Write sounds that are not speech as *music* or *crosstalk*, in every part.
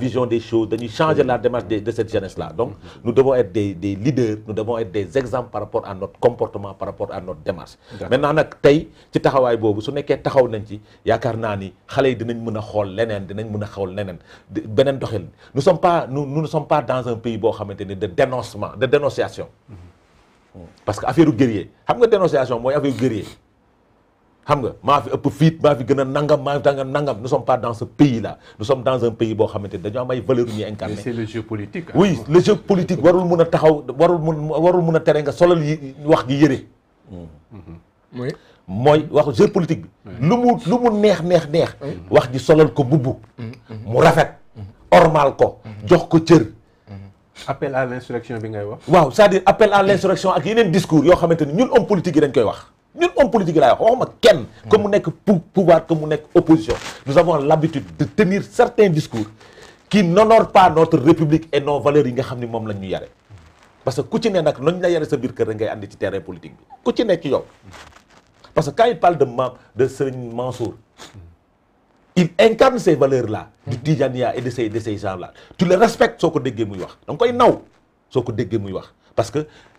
vision des choses, de changer la démarche de, de cette jeunesse-là. Donc, mm-hmm. nous devons être des, des, leaders, nous devons être des exemples par rapport à notre comportement, par rapport à notre démarche. Maintenant, nak tay ci taxaway bobu su nekkee taxaw nañ ci yaakaar naa ni xale yi dinañ mën a xool leneen dinañ mën mëna xol leneen beneen doxel. Nous sommes pas nous, nous ne sommes pas dans un pays bo xamanteni de dénoncement, de dénonciation. Mm-hmm. Parce que affaire guerrier, xam nga dénonciation moy affaire guerrier. xam nga maa fi ëpp fiit maa fi gën a nangam maa fi danga nangam nous sommes pas dans ce pays là nous sommes dans un pays boo xamante dañoo am ay valeur yu ñuy le jeu politique warul mun a taxaw warul mun a tere nga solal wax gi yëre mm-hmm. mooy wax jeu politique bi lu mu lu mu neex neex neex wax ji solal ko mbubb mm-hmm. mu rafet ormal ko mm-hmm. jox ko cër appel à wax waaw c'est-à-dire appel à l'insurrection ak yeneen discours yoo xamante ni ñun om politique yi dañ koy wax ñun homme politique laay wax waxuma kenn que mu nekk pouvoir que mu nekk opposition nous avons l'habitude de tenir certains discours qui n'honorent pas notre république et nos valeurs yi nga xam ni moom lañ ñu yare parce que ku ci ne nag nañ la yare sa biir kër ngay andi ci terrain politique bi ku ci ci yow parce que quand il de ma de Serigne Mansour il incarne ces valeurs la du Tijania et de ces de ces gens là tu le respectes soo ko déggee muy wax da nga koy naw soo ko déggee muy wax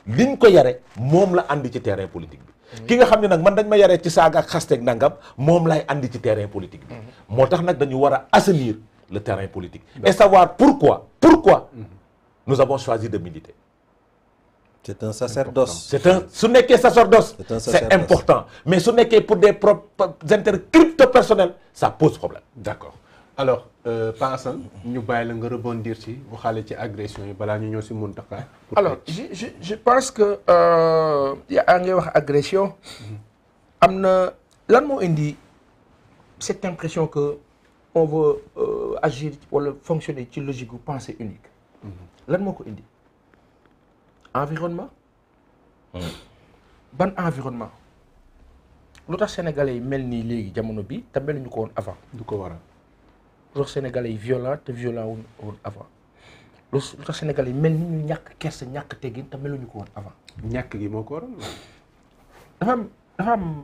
li liñ ko yare moom la andi ci terrain politique bi ki nga xam ne nag man dañ ma yaree ci saaga ak xasteeg nangam moom lay andi ci terrain politique bi mhm. moo tax nag dañu war a assainir le terrain politique et savoir pourquoi pourquoi nous avons choisi de militer c'est un sacerdoce c'est un su nekkee sacerdoce c'est important mais su nekkee pour des propres intérêts crypto personnels ça pose problème d'accord alors euh, Pa Assane ñu bàyyi la nga rebondir ci waxaale ci agression yi balaa ñu ñëw si Mountakha. alors je je je pense que euh, yaa ngay wax agression. Mhm. am na lan moo indi cette impression que on veut euh, agir wala fonctionner ci logique gu pensée unique. Mhm. lan moo ko indi environnement. Mhm. ban mmh. environnement. lu tax sénégalais yi mel nii léegi jamono bi te meluñu ko woon avant. du ko waral. lu tax sénégalais yi violent te violent wuñ woon avant lu tax sénégalais mel ni ñu ñàkk kersa ñàkk teggin te meluñu ko woon avant. ñàkk gi moo ko waral dafa dafa am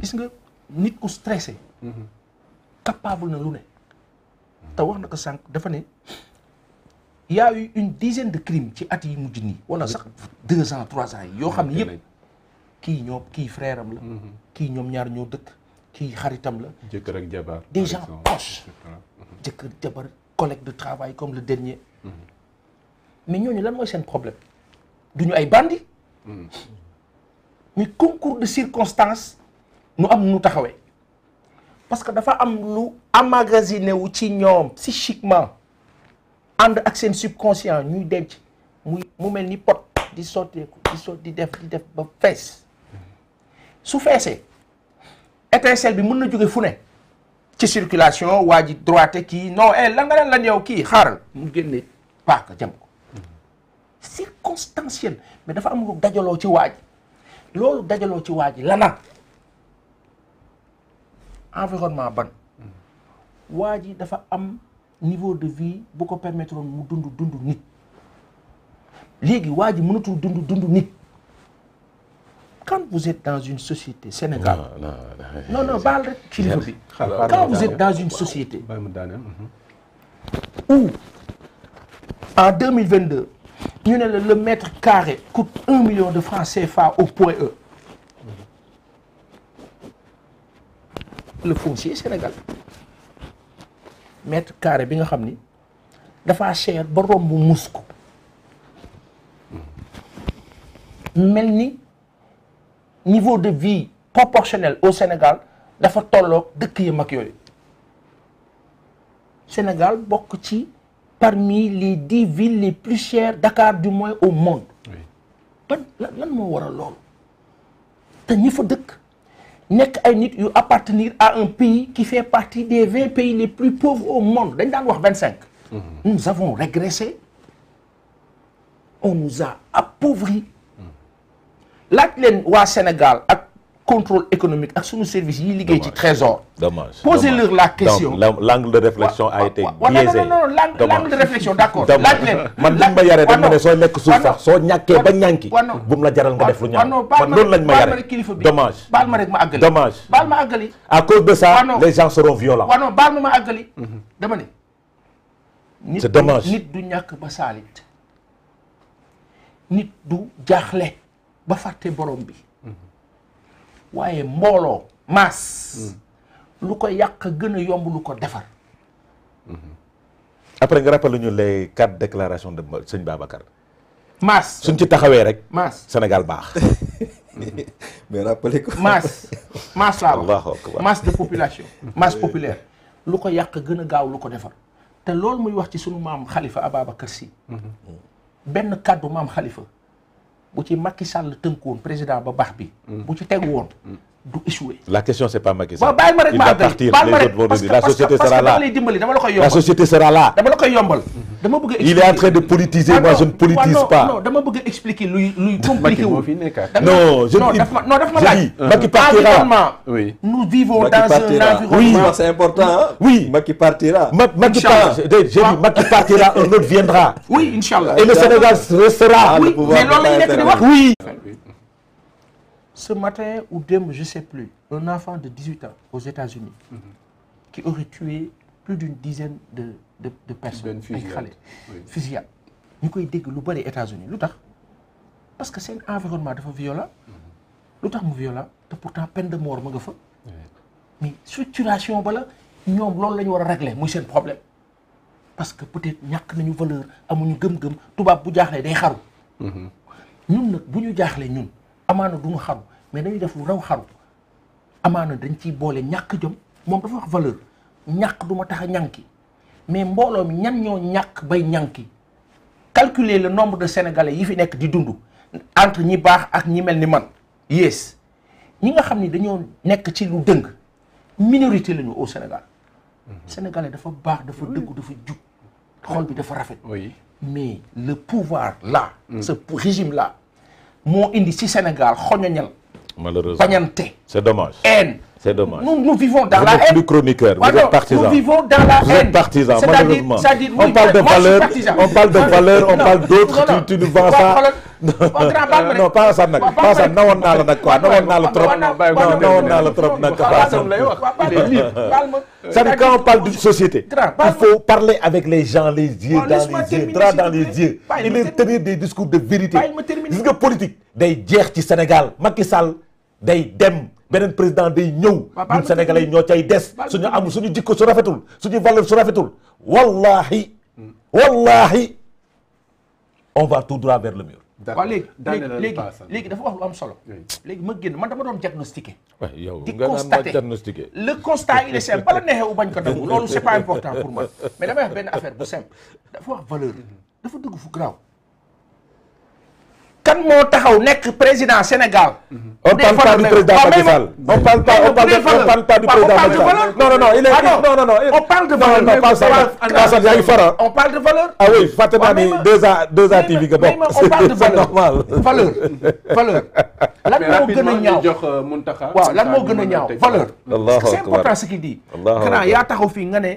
gis nga nit ku stressé. Mhm. capable na lu ne. te wax na ko sànq dafa ne y a eu une dizaine de crimes ci at yi mujj nii wala sax deux ans trois ans yi yoo xam ne yëpp kii ñoom kii frère la. Mhm. kii ñoom ñaar ñoo dëkk. kii xaritam la. jëkkër ak jabar des gens proches. jëkkër jabar collègue de travail comme le dernier. Mhm. mais ñooñu lan mooy seen problème duñu ay bandi mhm. mais concours de circonstances nu am nu taxawee parce que dafa am lu amagasiné wu ci ñoom psychiquement ànd ak seen subconscient ñuy denc muy mu mel ni pot di sotteeku di sot di def di def ba fees mhm. su feesee étincelle bi mën na jóge fu ne ci circulation waa ji droite kii non eh lan lan yow kii xaaral mu génne paaka jam ko circonstanciel mais dafa am lu dajaloo ci waa loolu dajaloo ci waa ji lana environnement ban waa ji dafa am niveau de vie bu ko permettre mu dund dundu nit léegi waa ji mënatul dund dundu nit vous êtes dans une société Sénégal. non non baal rek kilifa bi. quand vous êtes dans une société. Mhm. où en deux mille vingt ne le mètre carré coûte un million de francs CFA au point E. le foncier Sénégal mètre carré bi nga xam ni dafa cher ba romb mus ko mhm. mel ni. niveau de vie proportionnel au Sénégal dafa tolloog dëkk yu mag yooyu Sénégal bokk ci parmi les dix villes les plus chères Dakar du moins au monde. ban lan moo waral loolu te ñi fa dëkk nekk ay nit yu appartenir à un pays qui fait partie des vingt pays les plus pauvres au monde dañ daan wax vingt cinq. Mhm. nous avons régressé on nous a appauvris. laaj leen waa Sénégal ak contrôle économique ak suñu service yi liggéey ci trésor dommage posez leur la question donc l'angle de réflexion a été biaisé non non l'angle man liñ ma yaree dañ soo lekk suuf sax soo ñàkkee ba ñànki bu mu la jaral nga def lu ñaaw man loolu lañ ma yaree kilifa bi dommage baal ma rek ma àggali dommage baal ma àggali à cause de ça les gens seront baal ma ma àggali mhm. dama nit du ñàkk ba saalit nit du jaaxle ba fàtte borom bi waaye mbooloo maas lu ko yàq gën a yomb lu ko defar après nga rappelé ñu les quatre déclarations de suñ Babacar maas suñ ci taxawee rek maas Sénégal baax *laughs* mais rappelé ko maas maas laa wax masse de population masse populaire lu ko yàq gën a gaaw lu ko defar te loolu muy wax ci suñu maam xalifa Ababacar Sy mhm. benn kàddu maam xalifa bu ci Macky Sall tënkoon président ba baax bi bu ci teg woon du échouer. La question c'est pas ma rek ma àggal il va partir les autres vont la société sera là la société sera là. a il est en train de politiser ah, moi je ne politise pas. non a expliquer je ne non daf ma laaj. Macky ah, partira environnement. nous vivons dans un environnement. c'est important oui Macky partira. Macky autre viendra. oui le Sénégal restera. oui ah, mais la ñu oui. ce matin ou demain, je ne sais plus, un enfant de 18 ans aux États-Unis mm -hmm. qui aurait tué plus d'une dizaine de, de, de personnes. Une fusillade. Fusillade. Nous avons dit que les États-Unis, parce que c'est un environnement de violent. Mhm. tax avons violent, et pourtant peine de ma nga mort. Mais structuration, war a réglé, c'est un problème. Parce que peut-être nous avons une valeur, nous gëm gëm tubaab bu tout day monde mhm. est nag bu ñu une valeur. amaana du ñu xaru mais dañuy def lu raw xaru amaana dañ ciy boole ñàkk jom moom dafa wax valeur ñàkk du ma tax a ñànki mais mbooloo mi ñan ñoo ñàkk bay ñànki calculer la nombre de sénégalais yi fi nekk di dund entre ñi baax ak ñi mel ni man yées ñi nga xam ni dañoo nekk ci lu dëng minorité lañu au Sénégal. Mhm. sénégalais dafa baax dafa dëggu dafa jub xool bi dafa rafet. mais le pouvoir la mm. ce régime là. moo indi ci Sénégal xoñoñal malheureusement bañante c'est dommage haine C'est dommage. Nous, nous vivons dans vous la haine. Plus chroniqueur, vous Pardon, êtes partisans. Nous malheureusement. on, parle de valeur, on parle d'autres, tu, tu nous vends non pas sax nag pas sax nawoon non parle d'une société il faut parler avec les gens les yeux dans les yeux droit dans les yeux et leur tenir des discours de vérité gis nga politique day jeex ci Sénégal Macky day dem beneen président day ñëw ñun sénégalais yi ñoo cay des suñu amul suñu jikko su rafetul suñu valeur su rafetul wallahi hmm. wallahi on va tout droit vers le mur waaw léegi léegi léegi dafa wax am solo léegi ma génn man dama doon diagnostiqué yow di constaté le constat il est simple bala u bañ ko nangu loolu c'est pas important pour moi mais affaire bu simple dafa wax valeur hmm. dafa dugg fu grave kan moo taxaw nekk président Sénégal. on parle pas du président Macky Sall. on parle pas on parle pas du président Macky Sall. non non non il est ah non non non. on parle de valeur non non Pape Sall yaa ngi fara. on parle de valeur. ah oui fàtte naa ni deux ans deux ans TV nga bokk. on parle de *laughs* valeur valeur valeur. *laughs* lan moo gën a ñaaw jox euh, Mountakha. waaw lan moo gën a ñaaw valeur. allahu akbar c'est important ce qu'il dit. xanaa yaa taxaw fii nga ne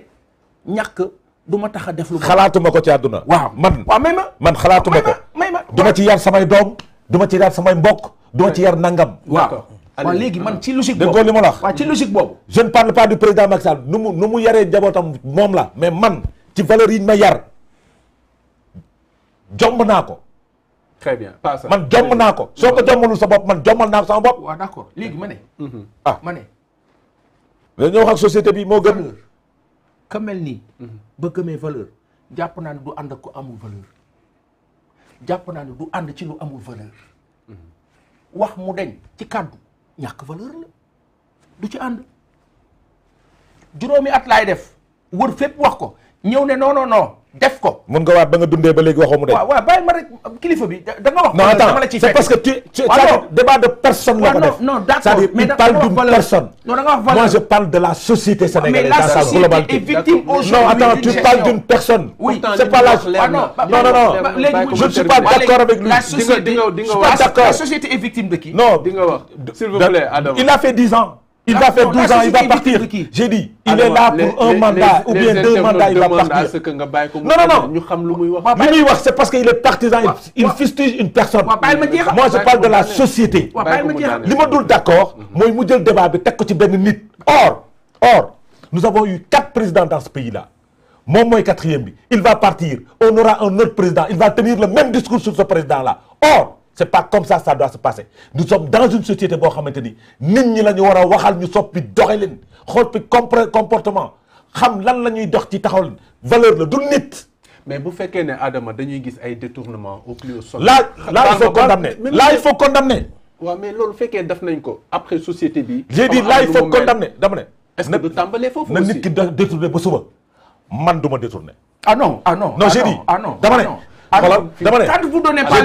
ñàkk du ma tax a def lu. xalaatuma ko ci àdduna. waaw man waaw man xalaatuma ko. duma ci yar samay doom duma ci yar samay mbokk duma ci yar nangam. waaw waaw léegi man ci logique boobu dégg ma la wax. waaw boobu. je ne parle pas du président Macky Sall nu mu yaree njabootam moom la mais man ci valeur yi ma yar jomb naa ko. très bien pas man jomb naa ko soo ko jombalul sa bopp man jombal naa ko sama bopp. waaw d'accord léegi ma ne. Mhm. ah ma ne. mais ñoo wax ak société bi moo gën. valeur ka mel nii. Mhm. ba gëmee valeur jàpp naa ni du ànd ak ko amul valeur. jàpp naa ne du ànd ci lu amul valeur wax mu deñ ci kàddu ñàkk valeur la du ci ànd juróomi at laay def wër fépp wax ko ñëw ne non non def ko. mun nga waat ba nga dundee ba léegi waxoo mu de. bi non attends c'est parce que tu. waaw débat de personne la cest à parle d'une personne. non je parle de la société sénégalaise dans sa globalité. est victime aujourd'hui ah, non attends tu personne. non non non je suis pas d'accord avec lui. non il a fait dix ans. il va faire 12 ans il va partir j'ai dit il est là pour un mandat ou bien deux mandats il va partir non non non ñu xam lu muy wax li c'est parce que il est partisan il fustige une personne moi je parle de la société li dul d'accord mhm. mooy mu jël débat bi teg ko ci benn nit or or nous avons eu quatre présidents dans ce pays là moom mooy quatrième bi il va partir on aura un autre président il va tenir le même discours sur ce président là c'est pas comme ça ça doit se passer nous sommes dans une société boo xamante ni nit ñi la ñu war a waxal ñu soppi doxalin xoppi comportement xam lan la ñuy dox ci taxawalin valeur la du nit. mais bu fekkee ne Adama dañuy gis ay détournement au plus haut sommet. là là il faut condamner là il faut condamner. mais loolu fekkee def nañ ko après société bi. j'ai dit là il faut condamner dama ne. est-ce que tàmbalee foofu aussi na nit ki détourné ba suba man du ma détourné. ah non ah non non ah j'ai ah dama ah ne. voilà dama ne quand vous donnez pas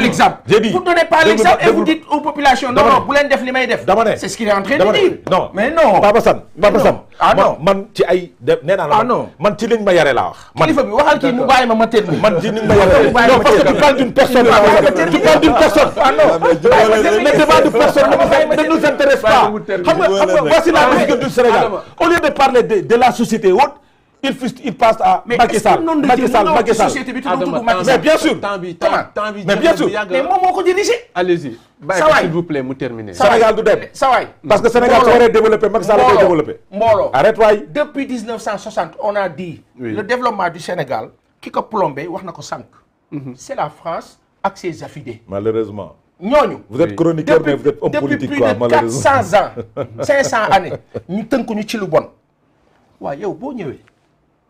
l'exemple vous dites aux populations non non def li may def c'est ce qu'il est en de dire non mais non Papa Sane Papa Sane ah, non man ci ay de nee naa ah, man ci liñ ma yare laa man ci liñ ma yare non parce que tu parles d'une personne tu parles d'une personne ah non le débat de personne ne nous intéresse pas xam nga xam nga voici la musique du Sénégal ah, au lieu de parler de la société haute il fut il passe à Macky Sall Macky Sall Macky ah, Sall mais bien sûr mais bien sûr mais moom moo ko dirigé allez-y bàyyi s'il vous plaît mu terminer Sénégal du dem sawaay parce que Sénégal su waree développé Macky Sall koy développé mbooloo arrête waay depuis 1960 on a dit le développement du Sénégal ki ko plombé wax na ko sànq mhm. c'est la France ak ses affidés malheureusement ñooñu vous êtes chroniqueur mais vous êtes homme politique quoi malheureusement depuis plus de 400 ans 500 *laughs* années ñu tënk ñu ci lu bon waaw yow boo ñëwee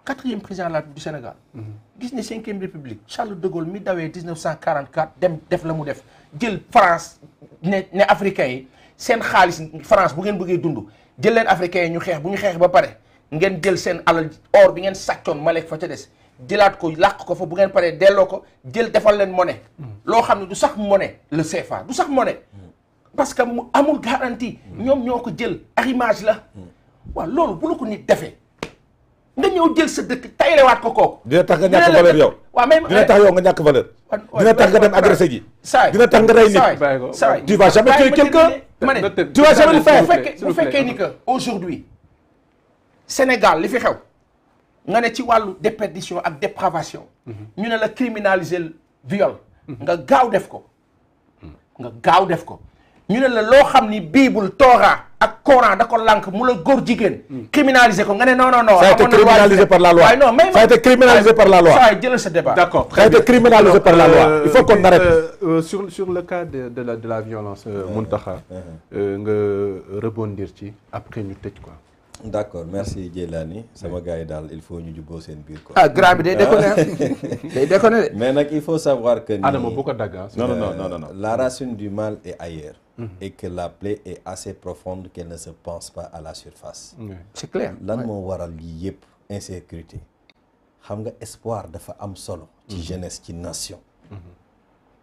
quatrième président la du Sénégal. Mhm. gis ne cinquième république Charles de Gaulle mi dawee 1944 dem def la mu def jël France ne ne africain yi seen xaalis France bu ngeen bëggee dund jël leen africain yi ñu xeex bu ñu xeex ba pare ngeen jël seen alal or bi ngeen sàccoon Malek fa ca des jëlaat ko làq ko fa bu ngeen paree delloo ko jël defal leen monnaie. Mhm. loo xam ne du sax monnaie le CFA du sax monnaie. Mhm. parce que mu amul garantie. ñoom ñoo ko jël arrimage la. waaw loolu bu ko nit defee. nga ñëw jël sa dëkk tayrewaat ko kooku. dina tax nga ñàkk valeur yow. waaw mais dina tax yow nga ñàkk valeur. dina tax nga dem agressé ji. saa dina tax nga rey nit. tu vas jamais tuer quelqu'un. ma ne tu vas jamais le faire. bu fekkee ni que aujourd'hui Sénégal li fi xew. nga ne ci wàllu déperdition ak dépravation. Mhm. ñu ne la criminaliser viol. Mhm. nga gaaw def ko. Mhm. nga gaaw def ko. ñu ne la loo xam ni bible Torah ak Coran da ko mu la góor jigéen. Hmm. criminalisé ko nga ne non non non. ça a été criminalisé par la loi waaye non mais. ça a été criminalisé par la loi jëlal sa débat. d'accord ça a été criminalisé par la loi euh, il faut qu'on arrête. Euh, euh, sur le cas de de la de la violence. Mountakha nga rebondir ci après ñu tëj quoi. d' accord merci Dieylani sama gars yi daal il faut ñu jubboo seen biir ko ah grand bi day déconné ah. *laughs* day mais nag il faut savoir que. Adama bu ko dagga ah. non non la racine du mal est ailleurs. Mhm. et que la plaie est assez profonde qu'elle ne se pense pas à la surface. c' est lan moo waral lii yëpp insécurité xam nga espoir dafa am solo. ci mhm. jeunesse ci nation. Mhm.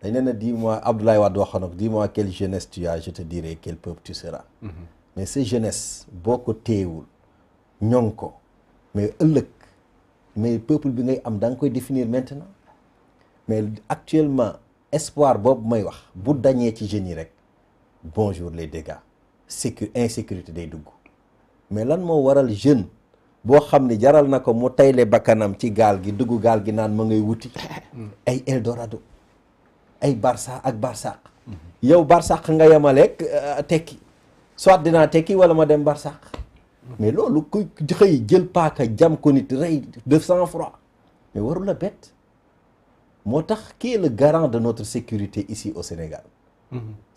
dañ ne na dis-moi Abdoulaye Wade waxoon na ko dis-moi quelle jeunesse tu je te dirai quel peuple tu mais sa jeunesse boo ko téyewul ñoŋ ko mais ëllëg mais peuple bi ngay am da nga koy définir maintenant mais actuellement espoir boobu may wax bu dañee ci jeunes yi rek bonjour les dégâts sécu insécurité day dugg mais lan moo waral jeune boo xam ne jaral na ko mu tayle bakkanam ci gaal gi dugg gaal gi naan ma ngay wuti *laughs* ay Eldorado ay Barça ak Barsaq yow Barsaq nga yemaleeg euh, tekki soit dinaa tekki wala ma dem barsàq mais loolu ku xëy jël paaka jam ko nit rey de sang froid mais warul la bett moo tax qui est le garant de notre sécurité ici au Sénégal mm-hmm.